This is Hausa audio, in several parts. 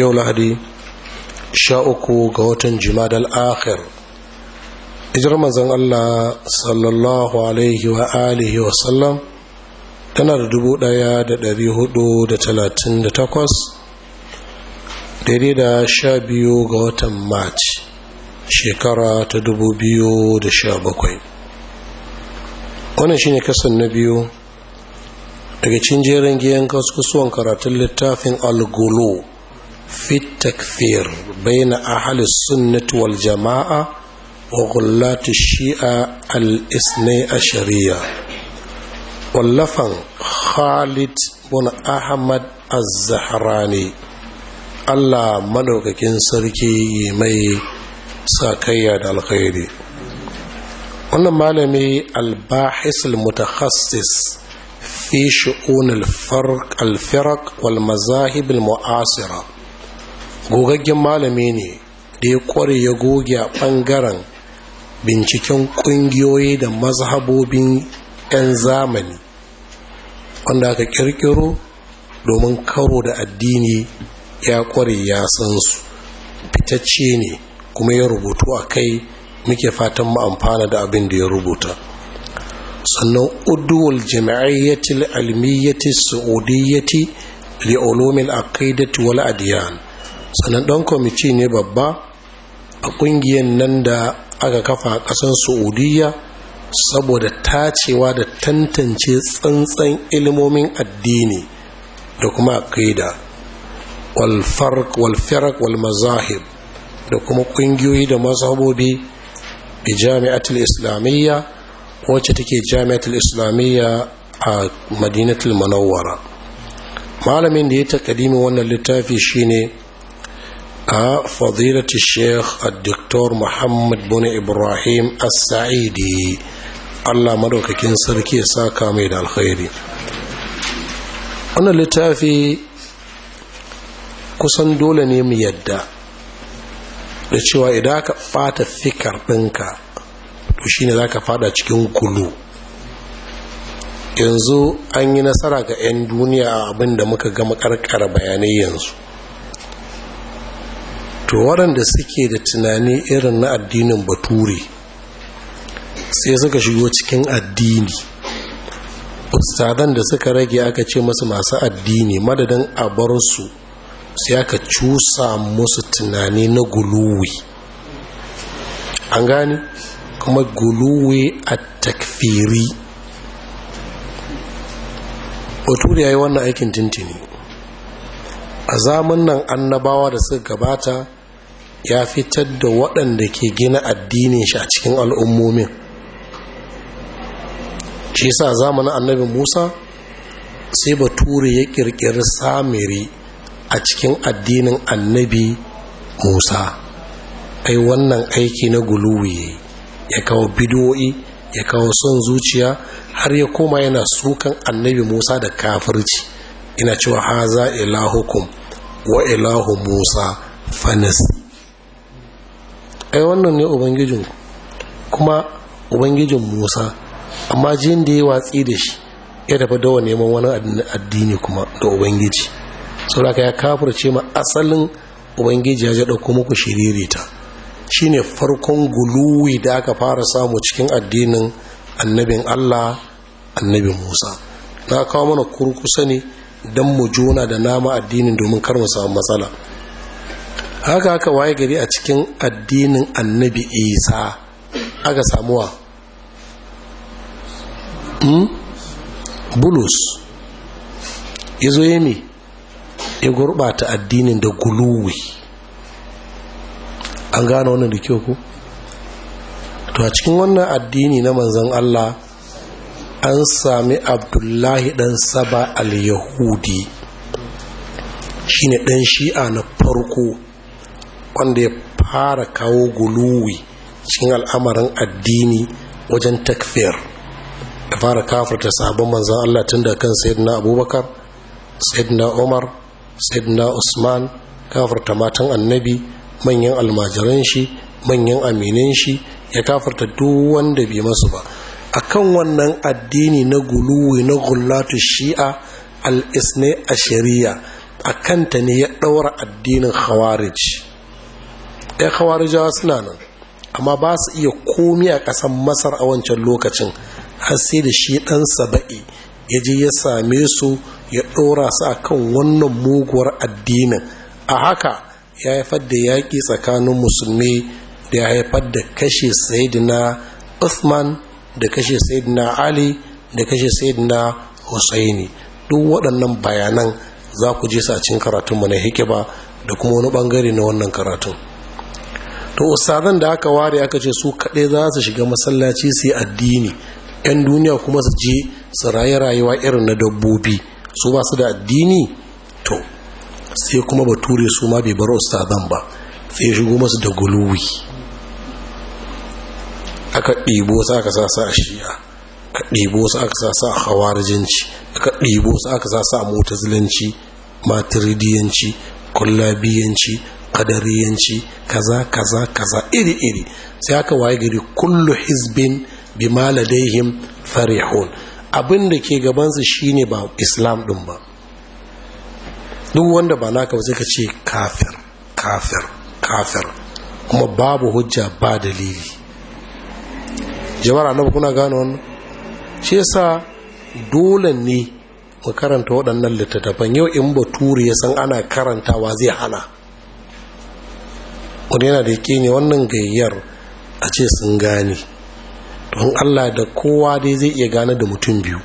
yau lahadi sha uku ga watan jimadal akhir ijar manzon allah sallallahu alaihi wa alihi wa sallam tana da dubu daya da dari hudu da talatin da takwas daidai da sha biyu ga watan march shekara ta dubu biyu da sha bakwai wannan shine kasan na biyu daga cin jerin giyan kasuwan karatun littafin al-gulu في التكفير بين أهل السنة والجماعة وغلاة الشيعة الاثني عشرية واللفن خالد بن أحمد الزهراني Allah madaukakin sarki mai sakayya da alkhairi wannan malami albahis almutakhassis fi shu'un alfarq alfirq wal mazahib mu'asira. gogaggen malami ne da ya kware ya goge a ɓangaren binciken ƙungiyoyi da mazhabobin 'yan zamani wanda aka kirkiro domin karo da addini ya kware ya san su fitacce ne kuma ya rubutu a kai muke fatan ma'amfana da abin da ya rubuta sannan uduwal jami'ayyatil almiyyati su'udiyyati li ulumil aqidati wal adyan sannan ɗan kwamiti ne babba a ƙungiyar nan da aka kafa a ƙasar saudiya saboda tacewa da tantance tsantsan ilimomin addini da kuma aqida wal farq wal wal mazahib da kuma ƙungiyoyi da mazhabobi bi jami'atul islamiyya wacce take jami'atul islamiyya a madinatul manawwara malamin da ya taƙadimi wannan littafi shine Aa! Fadiratu Sheik Adiktor muhammad Bani Ibrahim S.A.D. Allah maɗaukakin sarki ya sa aka da alkhairi. Wani littafi kusan dole ne mu yadda. Dacewa idanaka fata fikar ɗinka, to shine ne zaka faɗa cikin kulu. Yanzu an yi nasara ga 'yan duniya a abin da muka gama ƙarƙara bayanai yanzu. to waɗanda suke da tunani irin na addinin bature sai suka shigo cikin addini ustadan da suka rage aka ce masu masu addini madadin a bar su sai aka cusa musu tunani na guluwi an gani kuma guluwi a takfiri bature ya yi wannan aikin tintini a zamun annabawa da suka gabata ya fitar da waɗanda ke gina addinin shi a cikin al'ummomin shi sa zamanin annabi musa sai bature ya ƙirƙiri samiri a cikin addinin annabi musa ai wannan aiki na guluwe ya kawo bidoyi ya kawo son zuciya har ya koma yana sukan annabi musa da kafirci ina cewa haza ilahukum wa ilahu musa fanis. ai wannan ne ubangijin kuma ubangijin musa amma jin da ya watsi da shi ya tafi dawa neman wani addini kuma da ubangiji sauraka ya kafirce ma asalin ubangiji ya ja ɗauko muku shiririta shine farkon guluwi da aka fara samu cikin addinin annabin allah annabin musa na kawo mana kurkusa ne don mu juna da nama addinin domin kar mu samu matsala haka haka waye gari a cikin addinin annabi isa aka samuwa hmm? bulus ya zo ya mi ya gurɓata addinin da guluwi an gane wannan da kyau ku to a cikin wannan addini na manzan allah an sami abdullahi dan saba al-yahudi shine dan shi'a na farko wanda ya fara kawo guluwi cikin al'amarin addini wajen takfir ya fara kafarta sabon manzan Allah tun da kan sayyidina abubakar sayyidina umar sayyidina usman kafarta matan annabi manyan almajiran shi manyan aminin shi ya kafarta duk wanda bi masu ba akan wannan addini na guluwi na gullatu shi'a al-isne a shari'a a kanta ne ya ɗaura addinin khawarij ya jawa suna nan amma ba su iya komi a ƙasan masar a wancan lokacin har sai da shi ɗan saba'i ya je ya same su ya ɗora su a kan wannan muguwar addinin a haka ya haifar da yaƙi tsakanin musulmi da ya haifar da kashe sayidina Usman da kashe sayidina ali da kashe sayidina Hussaini duk waɗannan bayanan za ku je sa cin karatunmu na hikima da kuma wani ɓangare na wannan karatun to ustazan da aka ware aka ce su kaɗai za su shiga masallaci su yi addini 'yan duniya kuma su je su raye rayuwa irin na dabbobi su ba su da addini to sai kuma ba ture su ma bai bar ustazan ba sai shigo masu da guluwi aka ɗibo su aka sa sa a shi'a aka ɗibo su aka sa sa a hawarjinci aka ɗibo su aka sa sa a zilanci, matiridiyanci kullabiyanci kadariyanci kaza kaza kaza iri iri sai aka waye gari kullu hizbin bi maladaihim farihun abin da ke gaban su shine ba islam din ba duk wanda ba naka ba sai ka ce kafir kafir kafir kuma babu hujja ba dalili Jam'ara na kuna gano wannan shi yasa dole ne mu karanta waɗannan littattafan yau in bature ya san ana karantawa zai hana wani yana da yake ne wannan gayyar a ce sun gane don allah da kowa dai zai iya gane da mutum biyu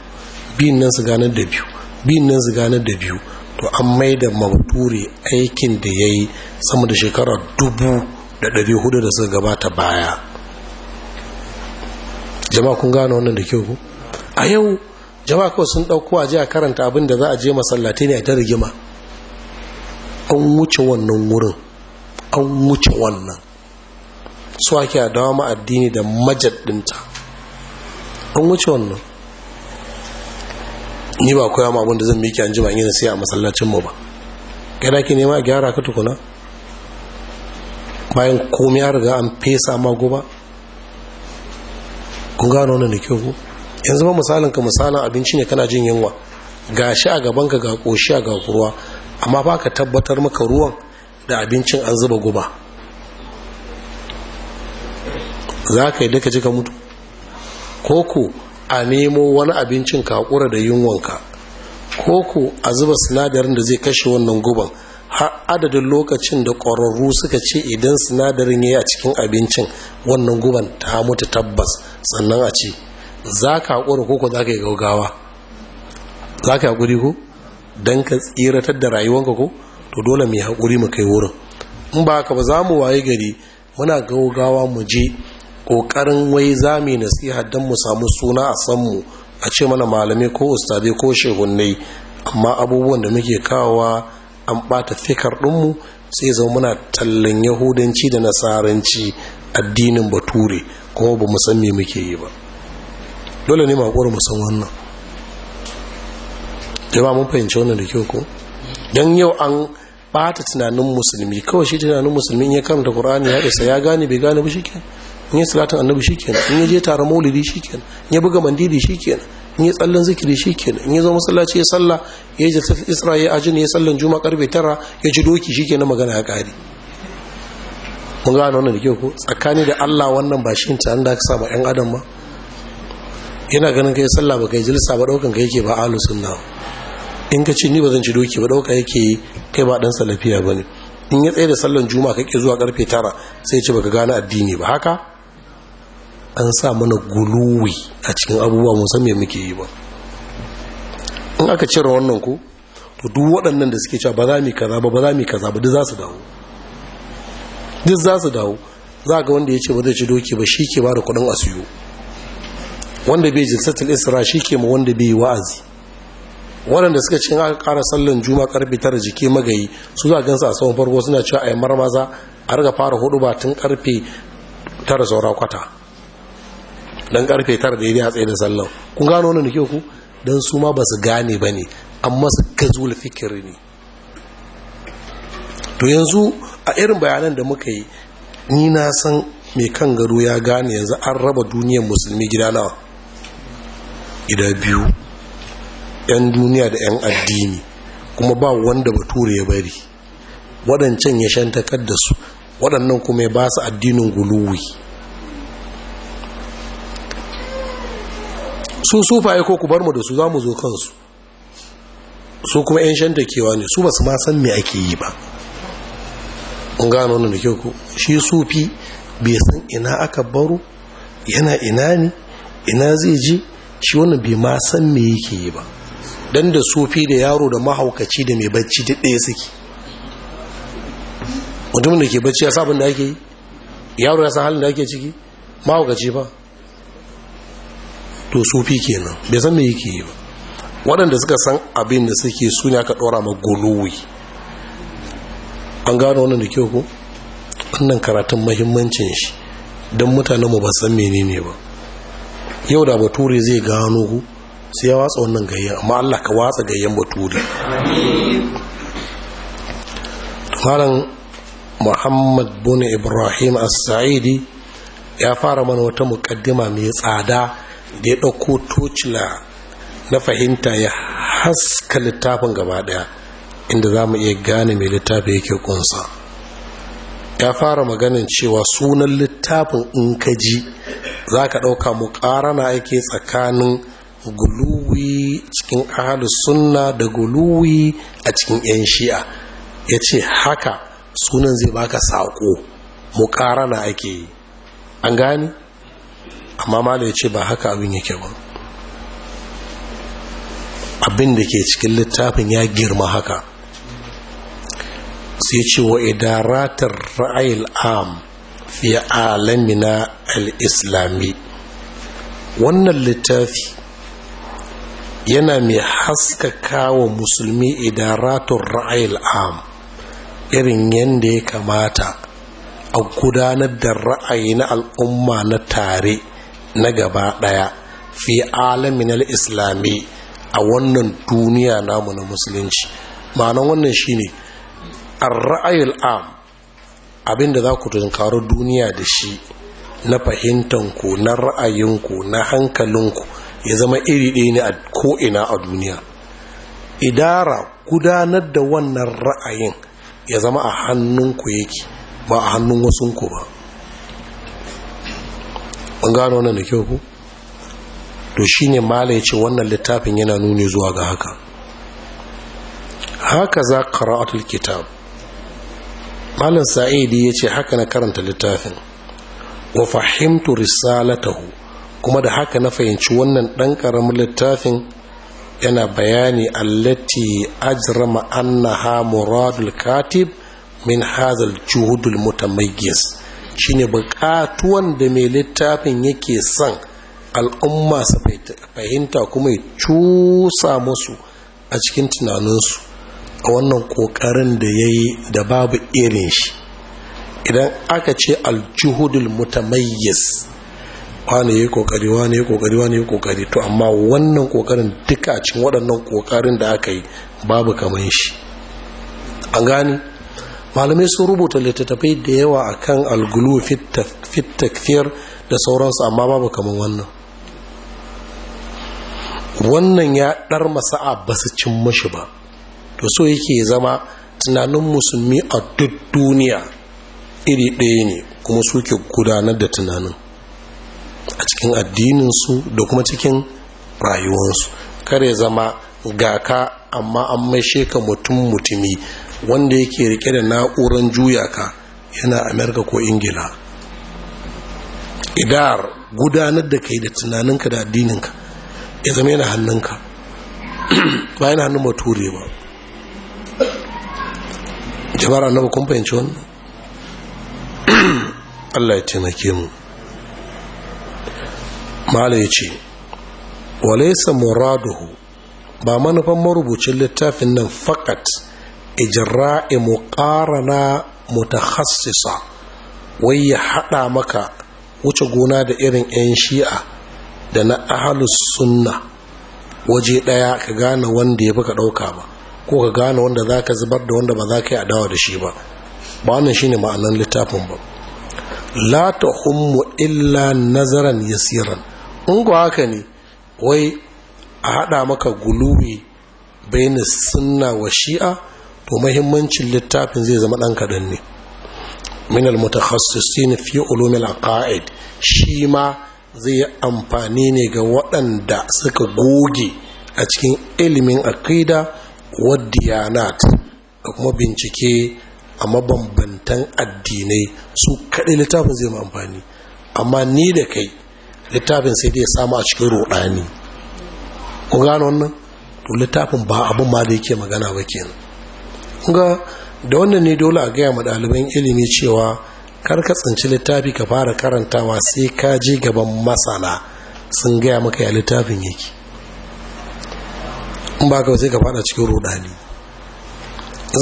biyun nan su gane da biyu biyun nan su gane da biyu to an mai da mabdure aikin da ya yi sama da shekara dubu da ɗari hudu da suka gabata baya jama'a kun gane wannan da kyau ku a yau jama'a kawai sun ɗauko a je a karanta abin da za a je masallatai ne a ta rigima an wuce wannan wurin an wuce wannan su ake a dawa ma addini da majaddinta an wuce wannan ni ba koya ma abinda zan miki an in yana sai a masallacinmu ba gada ki nema a gyara ka tukuna bayan komai ya riga an fesa ma ba? kun gano na nake ku? yanzu ma misalin ka misalin abinci ne kana jin yunwa gashi a gabanka ga koshi a ga ruwa amma ba ka tabbatar maka ruwan da abincin an zuba guba za ka yi daga jika mutu koko a nemo wani abincin ka kakura da yunwanka koko a zuba sinadarin da zai kashe wannan guban har adadin lokacin da ƙwararru suka ce idan sinadarin ya yi a cikin abincin wannan guban ta mutu tabbas sannan a ce za ka haƙuri koko za ka yi gaugawa za ka haƙuri ko don ka tsiratar da rayuwanka ko to dole mai haƙuri mu kai wurin in ba haka ba za mu waye gari muna gaugawa mu je ƙoƙarin wai za mu nasiha don mu samu suna a sanmu a ce mana malamai ko ustadai ko shehunnai amma abubuwan da muke kawowa an ɓata fikar ɗinmu sai zama muna tallan yahudanci da nasaranci addinin bature kuma ba mu san me muke yi ba dole ne makwar mu san wannan jama'a mun fahimci wannan da kyau ko don yau an bata tunanin musulmi kawai shi tunanin musulmi ya karanta qur'ani ya isa ya gane bai gane ba shikenan in ya salatin annabi shikenan in ya je taron maulidi shikenan in ya buga mandili shikenan in ya tsallan zikiri shikenan in ya zo masallaci ya salla ya je isra ya ajin ya sallan juma'a karfe tara ya ci doki shikenan magana ya kare mun a wannan da kyau ko tsakani da Allah wannan ba shi tunanin da aka sa ma yan adam ba yana ganin kai sallah ba kai jilsa ba daukan kai yake ba ahlus sunna in ka ce ni ba zan ci doki ba dauka yake kai ba dan salafiya bane in ya tsaye da sallan juma'a kake zuwa karfe tara sai ya ce baka gane addini ba haka an sa mana guluwi a cikin abubuwa mun san muke yi ba in aka cire wannan ko to duk waɗannan da suke cewa ba za mu kaza ba ba za mu kaza ba duk za su dawo duk za su dawo za ga wanda ya ce ba zai ci doki ba shi ke ba da kuɗin asiyo wanda bai jinsatul isra shi ke ma wanda bai yi wa'azi waɗanda suka cikin aka ƙara sallan juma karfe tara jiki magayi su za gansu a tsawon farko suna cewa a yi marmaza a riga fara hudu ba tun karfe tara saura kwata don karfe tara daidai a tsaye da sallan kun gano wani da ku don su ma ba su gane ba ne amma su gazul fikiri ne to yanzu a irin bayanan da muka yi ni na san mai kan gado ya gane yanzu an raba duniyar musulmi gida nawa gida biyu 'yan duniya da 'yan addini kuma ba wanda bature ya bari waɗancan ya shantakar da su waɗannan kuma ya ba su addinin guluwi su sufaye ko ku bar mu da su za mu zo kansu su kuma 'yan shantakewa ne su basu su ma san me ake yi ba kun gano wannan da kyau shi sufi bai san ina aka baro yana ina ne ina zai je shi wannan bai ma san me yake yi ba don da sufi da yaro da mahaukaci da mai bacci duk ɗaya suke mutumin da ke bacci ya sabon da ake yi yaro ya san halin da ake ciki mahaukaci ba to sufi kenan bai san me yake yi ba waɗanda suka san abin da suke su ne aka ɗora ma gonowi an gano wannan da kyau ko wannan karatun mahimmancin shi don mutanenmu mu ba san menene ba yau da bature zai gano ku sai ya watsa wannan gayyar amma Allah ka watsa gayyan baturi malam muhammad bin ibrahim as-sa'idi ya fara mana wata mukaddima mai tsada da ya ɗauko tocila na fahimta ya haska littafin gaba ɗaya inda za mu iya gane mai littafi yake kunsa ya fara maganin cewa sunan littafin in ka ji za ka ɗauka mu ƙarana yake tsakanin guluwi cikin ahalus sunna da guluwi a cikin 'yan shi'a ya ce haka sunan zai baka saƙo mukarana ake yi an gani amma mala ya ce ba haka abin yake ba abin da ke cikin littafin ya girma haka sai ce wa idaratar ra'ayil am fi alamina al-islami wannan littafi yana mai haskaka wa musulmi idaratun ra'ayil am irin yadda ya kamata a gudanar da ra'ayi na al'umma na tare na gaba ɗaya fi alamin islami a wannan duniya namu na musulunci ma'anan wannan shine a ra'ayil am abinda za ku tunkaro duniya da shi na fahimtanku na ra'ayinku na hankalinku ya zama iri ɗaya ne a ko'ina a duniya idara gudanar da wannan ra'ayin ya zama a hannunku yake ba a hannun wasunku ba an gano wannan da kyau ku to ne mala ya ce wannan littafin yana nuni zuwa ga haka haka za qara'atul kitab malam sa'idi ya ce haka na karanta littafin wa fahimtu risalatahu kuma da haka na fahimci wannan ɗan ƙaramin littafin yana bayani allati ajrama annaha muradul katib min hazal juhudul mutamayyiz shine buƙatuwan da mai littafin yake son al'umma su fahimta kuma ya cusa musu a cikin tunaninsu a wannan ƙoƙarin da ya yi da babu irin shi idan aka ce aljuhudul mutamayyiz wane ya kokari wane ya kokari wane ya kokari to amma wannan kokarin duka a cikin waɗannan kokarin da aka yi babu kamar shi an gani malamai sun rubuta littattafai da yawa akan algulu fit takfir da sauransu amma babu kamar wannan wannan ya ɗar masa a basu cin mashi ba to so yake zama tunanin musulmi a duk duniya iri ɗaya ne kuma suke gudanar da tunanin a cikin addininsu da kuma cikin rayuwarsu kare zama ga ka amma an maishe ka mutum mutumi wanda yake rike da na'uran juya ka yana amerika ko ingila idar gudanar da kai da tunaninka da addininka ya zama yana hannunka ba hannun mature ba jama'ar annaba kun fahimci wannan allah ya taimake mu mala ya ce walaisa muraduhu ba manufan marubucin littafin nan fakat ijra'i muqarana mutakhassisa wai ya haɗa maka wuce gona da irin 'yan shi'a da na ahalus sunna waje ɗaya ka gane wanda ya ka ɗauka ba ko ka gane wanda za ka zubar da wanda ba za ka yi adawa da shi ba ba wannan shine ma'anar littafin ba la ta hummu illa nazaran yasiran in kuwa haka ne wai a haɗa maka guluwi bayan sunna wa shi'a to mahimmancin littafin zai zama ɗan kaɗan ne min al-mutakhassisin fi ulumil aqaid shi ma zai yi amfani ne ga waɗanda suka goge a cikin ilimin aqida wa diyanat da kuma bincike a mabambantan addinai su kaɗai littafin zai amfani amma ni da kai littafin sai dai samu a cikin rudani ku gano wannan to littafin ba abin ma da yake magana ba kenan ga da wannan ne dole a gaya ma ɗaliban ilimi cewa kar ka tsinci littafi ka fara karantawa sai ka je gaban masana sun gaya maka ya littafin yake in ba ka sai ka fada cikin rudani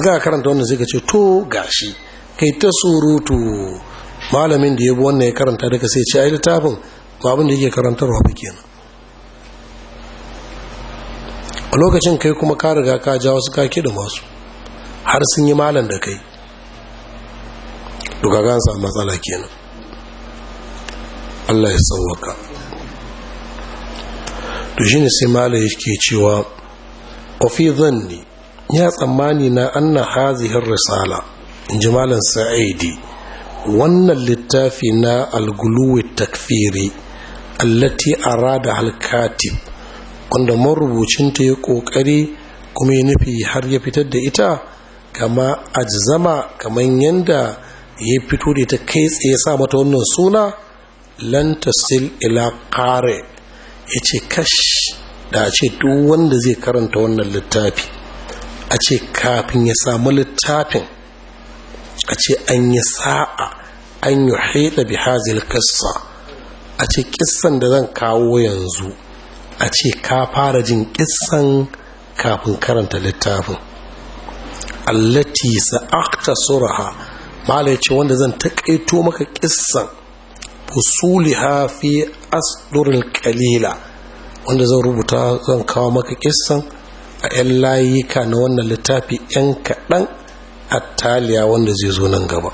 ga karanta wannan sai ka ce to gashi kai ta surutu malamin da ya bi wannan ya karanta daga sai ce ai littafin to abin da yake karantarwa ba kenan a lokacin kai kuma ka riga ka ja wasu ka da masu har sun yi malan da kai duka gansa matsala kenan Allah ya sauwaka to ne sai malam yake cewa ofi zanni ya tsammani na anna hazihin risala in ji malam sa'idi wannan littafi na alguluwi takfiri allati arada al-katib wanda marubucinta ya kokari kuma ya nufi har ya fitar da ita kama ajzama kaman yanda ya fito da ta kai tsaye sa mata wannan suna lan tasil ila qari yace kash da ce duk wanda zai karanta wannan littafi a ce kafin ya samu littafin a ce an yi sa'a an yi haida bi hazil kassa a ce kissan da zan kawo yanzu a ce ka fara jin kissan kafin karanta littafin allati akta suraha mala ce wanda zan taƙaito maka kissan fusuliha fi asdurin kalila wanda zan rubuta zan kawo maka kissan a 'yan layika na wannan littafi 'yan kaɗan a taliya wanda zai zo nan gaba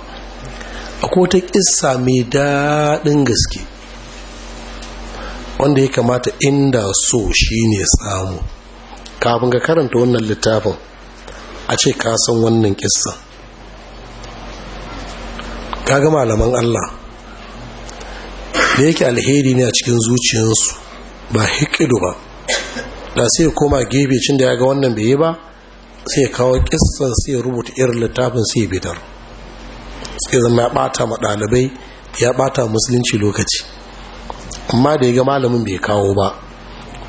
akwai wata kissa mai daɗin gaske wanda ya kamata inda so shine samu kafin ka karanta wannan littafin a ce ka san wannan kissa kaga malaman Allah da yake alheri ne a cikin zuciyarsu ba hikidu ba da sai koma gefe cin da ya ga wannan bai yi ba sai ya kawo kissan sai rubuta irin littafin sai bidar sai zama ya bata ma ɗalibai ya bata musulunci lokaci amma da ya ga malamin bai kawo ba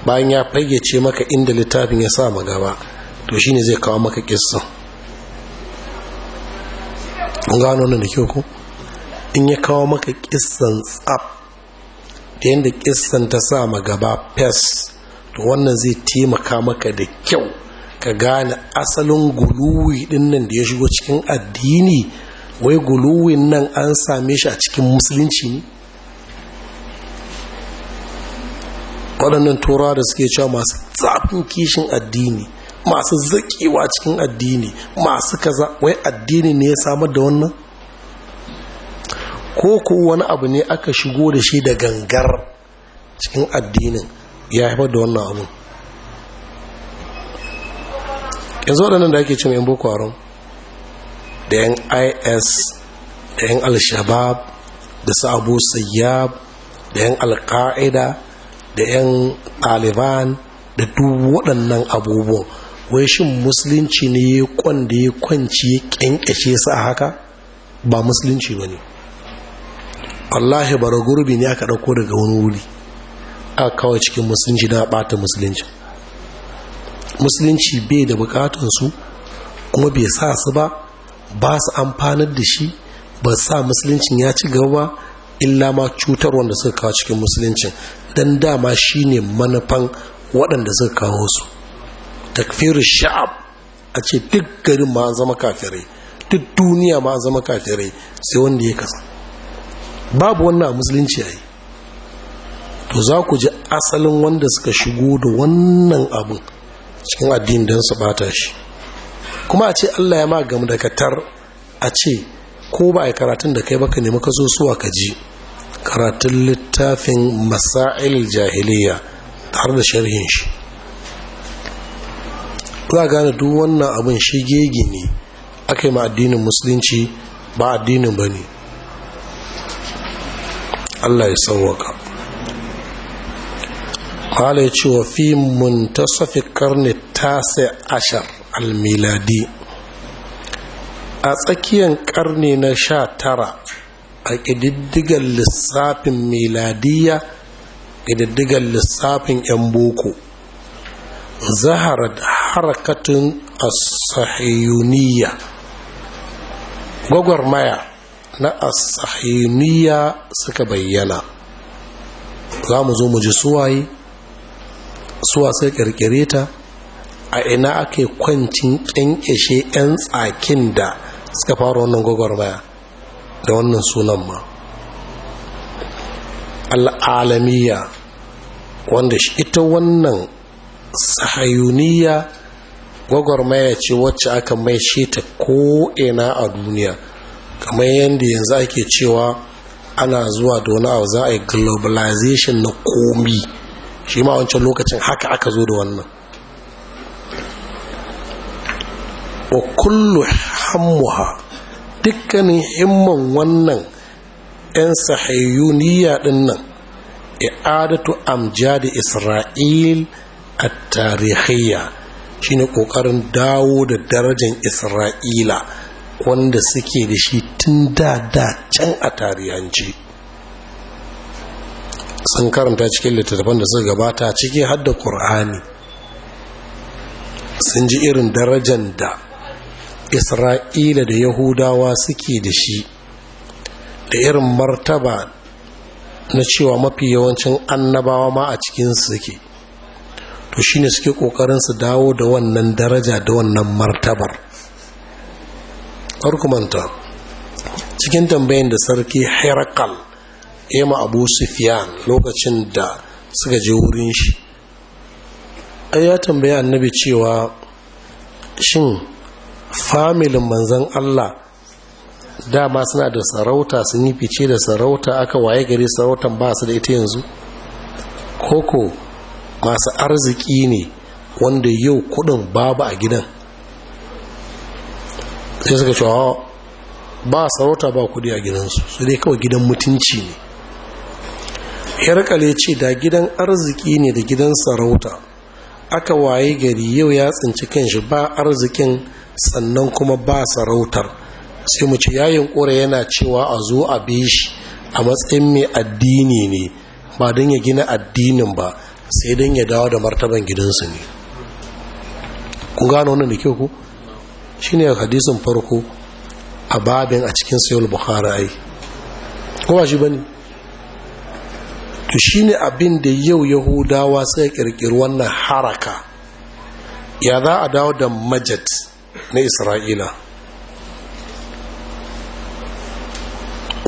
bayan ya fayyace maka inda littafin ya sa ba to ne zai kawo maka kissan an gano nan da kyau ku in ya kawo maka kissan tsab da yadda kissan ta sa gaba fes to wannan zai taimaka maka da kyau ka gane asalin guluwi din nan da ya shigo cikin addini wai guluwin nan an same shi a cikin musulunci ne waɗannan tura da suke cewa masu zafin kishin addini masu zaƙiwa cikin addini masu kaza wai addini ne ya samar da wannan ko ko wani abu ne aka shigo da shi da gangar cikin addinin ya haifar da wannan abu yanzu waɗannan da ake cin yan boko da yan is da yan al-shabab da su sayyab da yan al-qa'ida da 'yan ɗaliban da duk waɗannan abubuwan wai shin musulunci ne ya da ya kwanci ya kyankyashe su a haka ba musulunci ba ne allahi bara gurbi ne aka ɗauko daga wani wuri a kawai cikin musulunci don a ɓata musulunci musulunci bai da bukatunsu kuma bai sa su ba ba su amfanar da shi ba sa musuluncin ya ci gaba illa ma cutar wanda suka kawo cikin musulunci. Dan dama shine manufan waɗanda suka kawo su takfirin sha'ab a ce duk garin ma an zama kafirai duk duniya ma an zama kafirai sai wanda ya kasa babu wannan a musulunci yi. to za ku ji asalin wanda suka shigo da wannan abun cikin addini don su bata shi kuma a ce allah ya ma da katar a ce ko ba a karatun da kai baka nemi ka zo suwa ka ji karatun littafin masail jahiliya har da sharhin shi za gane duk wannan abin shigegi ne aka yi ma addinin musulunci ba addinin ba ne allah ya sauwaka kala ya ce wa fi muntasafi karni tasa ashar almiladi a tsakiyar karni na sha tara a ƙididdigar lissafin miladiya, ƙididdigar lissafin 'yan boko zaharar harakatun asahiyuniya gwagwarmaya na asahiyuniya suka bayyana za mu zo mu ji suwaye suwa sai ƙirƙire ta a ina ake kwancin ƙyanƙyashe 'yan tsakin da suka fara wannan gwagwarmaya da wannan sunan ma al'alamiya wanda ita wannan sahayuniya gwagwarmaya ce wacce aka mai ta ko'ina a duniya kamar yadda yanzu ake cewa ana zuwa da wani abu za a yi globalization na komi shi ma wancan lokacin haka aka zo da wannan wa kullu hammuha dukkanin himman wannan 'yan sahayuniya din nan i'adatu amjadi isra'il a tarihiyya shine ƙoƙarin dawo da darajar isra'ila wanda suke da shi tun da da can a tarihanci sun karanta cikin littattafan da suka gabata ciki har da ƙur'ani sun ji irin darajar da isra'ila da yahudawa suke da shi da irin martaba na cewa mafi yawancin annabawa ma a cikinsu suke to shine suke kokarin su dawo da wannan daraja da wannan martabar manta cikin tambayin da sarki herakal ema abu sufiyan lokacin da suka je wurin shi ai ya tambaya annabi cewa shin familin manzan Allah dama suna da sarauta sun yi fice da sarauta aka waye gari sarautan ba su da ita yanzu koko masu arziki ne wanda yau kudin babu a gidan sai suka cewa ba sarauta ba kudi a gidansu su dai kawai gidan mutunci ne yarkale ce da gidan arziki ne da gidan sarauta aka waye gari yau ya tsinci kanshi ba arzikin sannan kuma ba sarautar sai mu ce yayin ƙura yana cewa a zo a bi shi a matsayin mai addini ne ba don ya gina addinin ba sai don ya dawo da martaban gidansu ne kun gano wannan da kyau ku shi ne hadisin farko a babin a cikin sayul buhari ai ba shi ba ne to shi ne abin da yau yahudawa sai kirkiri wannan haraka ya za a dawo da majat na isra'ila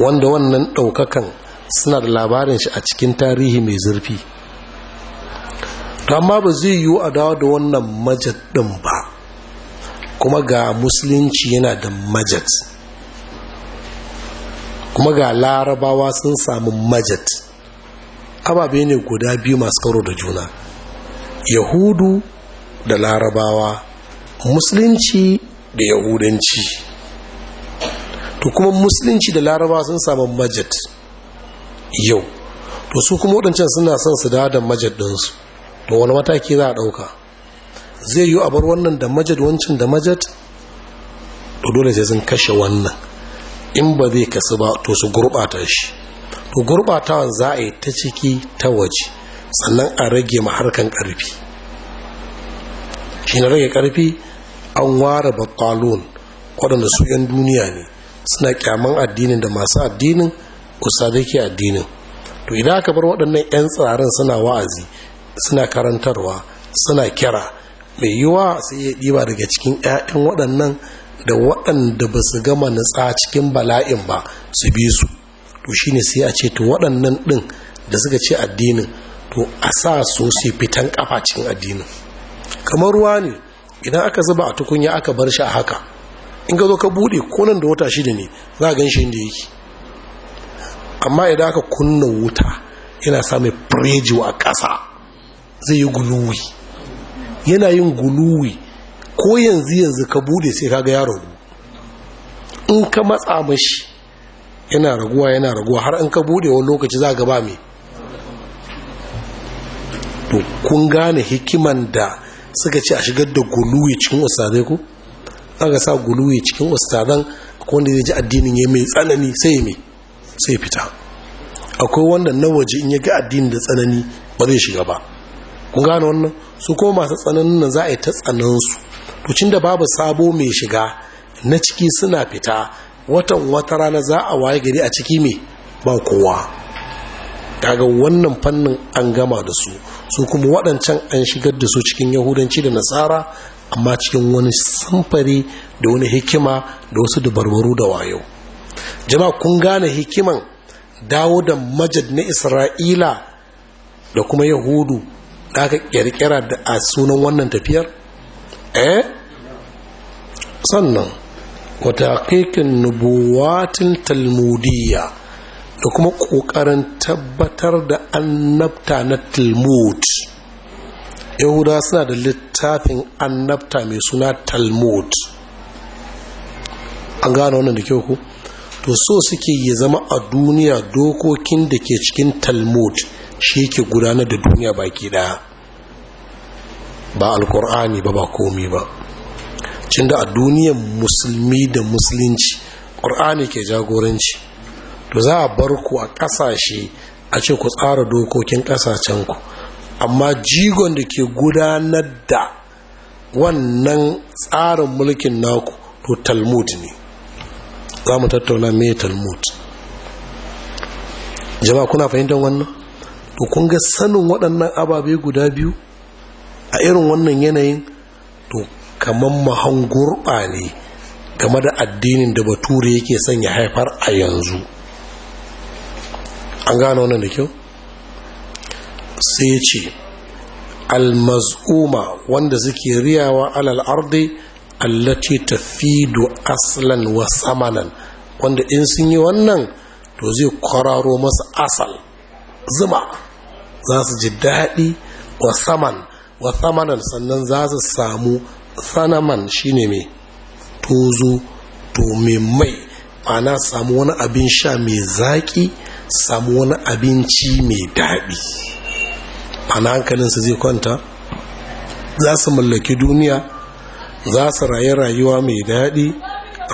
wanda wannan ɗaukakan suna da labarin shi a cikin tarihi mai zurfi amma ba zai yiwu a dawo da wannan majad ɗin ba kuma ga musulunci yana da majat. kuma ga larabawa sun samu majat. ababe ne guda biyu masu karo da juna yahudu da larabawa musulunci da yahudanci to kuma musulunci da laraba sun samu majad yau to su kuma waɗancan suna son su da majad ɗinsu to wani mataki za a ɗauka zai yi a bar wannan da majad wancan da majad to dole sai sun kashe wannan in ba zai kasu ba to su gurɓata shi to gurɓatawan za a yi ta ciki ta waje sannan a rage ma harkan ƙarfi shi na rage ƙarfi an ware bakalon waɗanda su 'yan duniya ne suna kyaman addinin da masu addinin usadake addinin to idan aka bar waɗannan 'yan tsarin suna wa'azi suna karantarwa suna kira mai yiwa sai ya ɗiba daga cikin 'ya'yan waɗannan da waɗanda ba su gama nutsa cikin bala'in ba su bi su to shine sai a ce to waɗannan ɗin da suka ce addinin to a sa su sai fitan ƙafa cikin addinin kamar ruwa ne idan aka zuba a tukunya aka bar shi a haka in ka zo ka bude konan da wata shida ne za a gan shi inda yake amma idan aka kunna wuta yana samun firejiwa a ƙasa zai yi guluwi yana yin guluwi ko yanzu yanzu ka bude sai ga ya ragu in ka matsa mashi yana raguwa yana raguwa har in ka bude wani lokaci za ga ba mai to kun gane hikiman da suka ce a shigar da guluwi cikin ku? ko aka sa guluwi cikin ustadan akwai wanda zai ji addinin ya mai tsanani sai mai sai fita akwai wanda na waje in ya ga addinin da tsanani ba zai shiga ba kun gane wannan su kuma masu tsananin nan za a yi ta tsanansu to cin da babu sabo mai shiga na ciki suna fita watan wata rana za a waye gari a ciki mai ba kowa kaga wannan fannin an gama da su su kuma waɗancan an shigar da su cikin yahudanci da nasara amma cikin wani samfari da wani hikima da wasu dabarbaru da wayo jama kun gane hikiman dawo da majad na isra'ila da kuma yahudu da aka kirkira da a sunan wannan tafiyar eh sannan wata hakikin nubuwatin talmudiyya da kuma ƙoƙarin tabbatar da annabta na talmud yahuda suna da littafin annabta mai suna talmud an gane wannan da kyau ku to so suke yi zama a duniya dokokin da ke cikin talmud shi ke gudanar da duniya baki daya ba alkur'ani ba ba komi ba cin a duniyan musulmi da musulunci ƙur'ani ke jagoranci to za a bar ku a ƙasashe a ce ku tsara dokokin ku. amma jigon da ke gudanar da wannan tsarin mulkin naku to talmud ne za mu tattauna me talmud jama'a kuna fahimtar wannan to kun ga sanin waɗannan ababe guda biyu a irin wannan yanayin to kamar mahangurɓa gurɓa ne game da addinin da bature yake son ya haifar a yanzu an gano wannan da kyau sai ya ce almaz'uma wanda suke riyawa alal ardi allati tafidu aslan wa samanan wanda in sun yi wannan to zai kwararo masu asal zuma za su ji daɗi wa saman wa samanan sannan za su samu sanaman shine mai tozo to mai mai na samu wani abin sha mai zaƙi samu wani abinci mai daɗi ana su zai kwanta za su mallaki duniya za su rayu rayuwa mai daɗi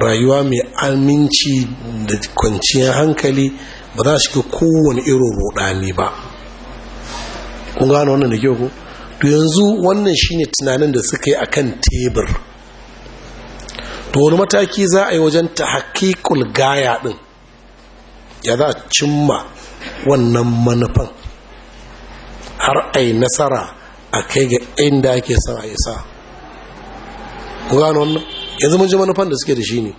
rayuwa mai aminci da kwanciyar hankali ba za shiga kowane irin rudani ba kun gano wannan da kyau ko to yanzu wannan shine tunanin da suka yi a kan tebur to wani mataki za a yi wajen ta gaya ɗin ya za cimma wannan manufan har a yi nasara a kai ga inda ake son a isa ku gano wannan yanzu mun ji manufan da suke da shi ne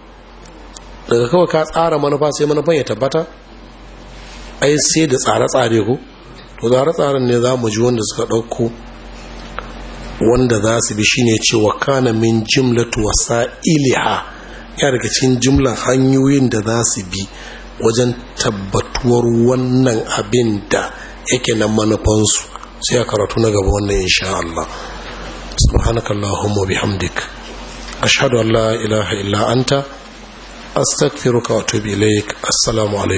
daga kawai ka tsara manufa sai manufan ya tabbata ai sai da tsare-tsare ku to tsare-tsaren ne za mu ji wanda suka ɗauko wanda za su bi shine cewa kana min jimlatu wasa iliha ya daga cikin jimlan hanyoyin da za su bi wajen tabbatuwar wannan abin da yake na manufansu sai a karatu na gaba wannan insha Allah subhanakallahumma bihamdik ashhadu an la ilaha illa anta astaghfiruka wa atubu ilaik assalamu alaikum